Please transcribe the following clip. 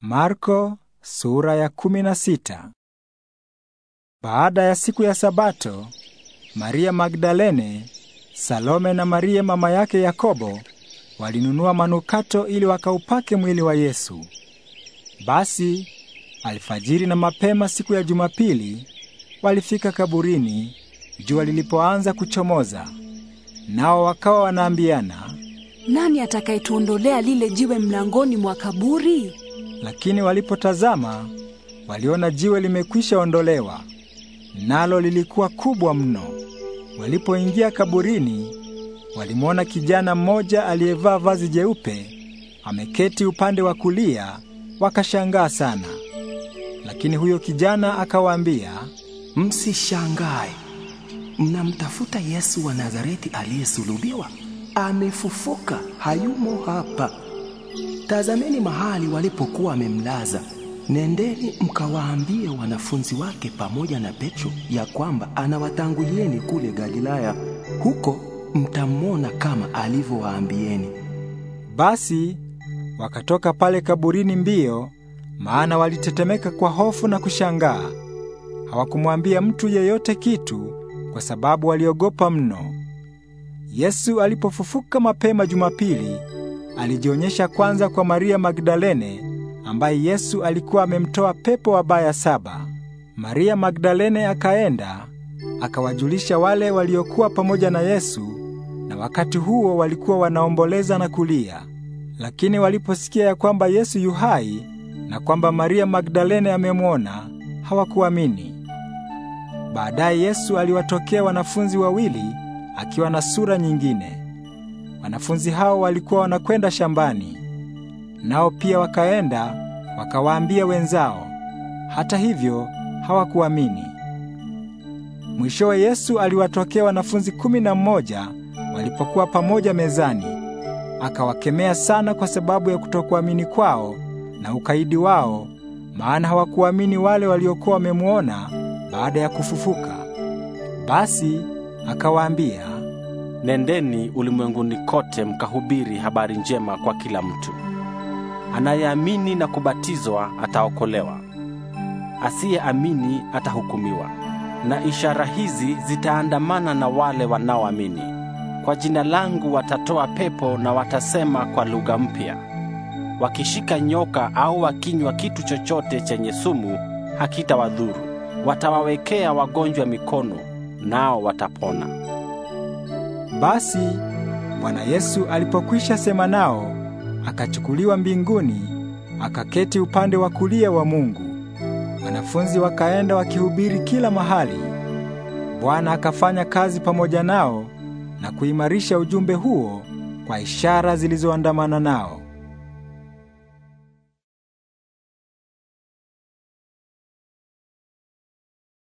Marko sura ya kumi na sita. Baada ya siku ya Sabato, Maria Magdalene, Salome na Maria mama yake Yakobo walinunua manukato ili wakaupake mwili wa Yesu. Basi alfajiri na mapema siku ya Jumapili walifika kaburini jua lilipoanza kuchomoza. Nao wakawa wanaambiana, nani atakayetuondolea lile jiwe mlangoni mwa kaburi? Lakini walipotazama waliona jiwe limekwisha ondolewa, nalo lilikuwa kubwa mno. Walipoingia kaburini, walimwona kijana mmoja aliyevaa vazi jeupe ameketi upande wa kulia, wakashangaa sana. Lakini huyo kijana akawaambia, msishangae, mnamtafuta Yesu wa Nazareti aliyesulubiwa. Amefufuka, hayumo hapa. Tazameni mahali walipokuwa amemlaza Nendeni mkawaambie wanafunzi wake pamoja na Petro ya kwamba anawatangulieni kule Galilaya, huko mtamwona kama alivyowaambieni. Basi wakatoka pale kaburini mbio, maana walitetemeka kwa hofu na kushangaa. Hawakumwambia mtu yeyote kitu, kwa sababu waliogopa mno. Yesu alipofufuka mapema Jumapili alijionyesha kwanza kwa Maria Magdalene ambaye Yesu alikuwa amemtoa pepo wabaya saba. Maria Magdalene akaenda akawajulisha wale waliokuwa pamoja na Yesu, na wakati huo walikuwa wanaomboleza na kulia. Lakini waliposikia ya kwamba Yesu yu hai na kwamba Maria Magdalene amemwona, hawakuamini. Baadaye Yesu aliwatokea wanafunzi wawili akiwa na sura nyingine. Wanafunzi hao walikuwa wanakwenda shambani, nao pia wakaenda wakawaambia wenzao. Hata hivyo hawakuamini. Mwishowe Yesu aliwatokea wanafunzi kumi na mmoja walipokuwa pamoja mezani, akawakemea sana kwa sababu ya kutokuamini kwao na ukaidi wao, maana hawakuamini wale waliokuwa wamemwona baada ya kufufuka. Basi akawaambia nendeni ulimwenguni kote mkahubiri habari njema kwa kila mtu. Anayeamini na kubatizwa ataokolewa, asiyeamini atahukumiwa. Na ishara hizi zitaandamana na wale wanaoamini: kwa jina langu watatoa pepo na watasema kwa lugha mpya, wakishika nyoka au wakinywa kitu chochote chenye sumu hakitawadhuru, watawawekea wagonjwa mikono nao watapona. Basi Bwana Yesu alipokwisha sema nao, akachukuliwa mbinguni, akaketi upande wa kulia wa Mungu. Wanafunzi wakaenda wakihubiri kila mahali. Bwana akafanya kazi pamoja nao na kuimarisha ujumbe huo kwa ishara zilizoandamana nao.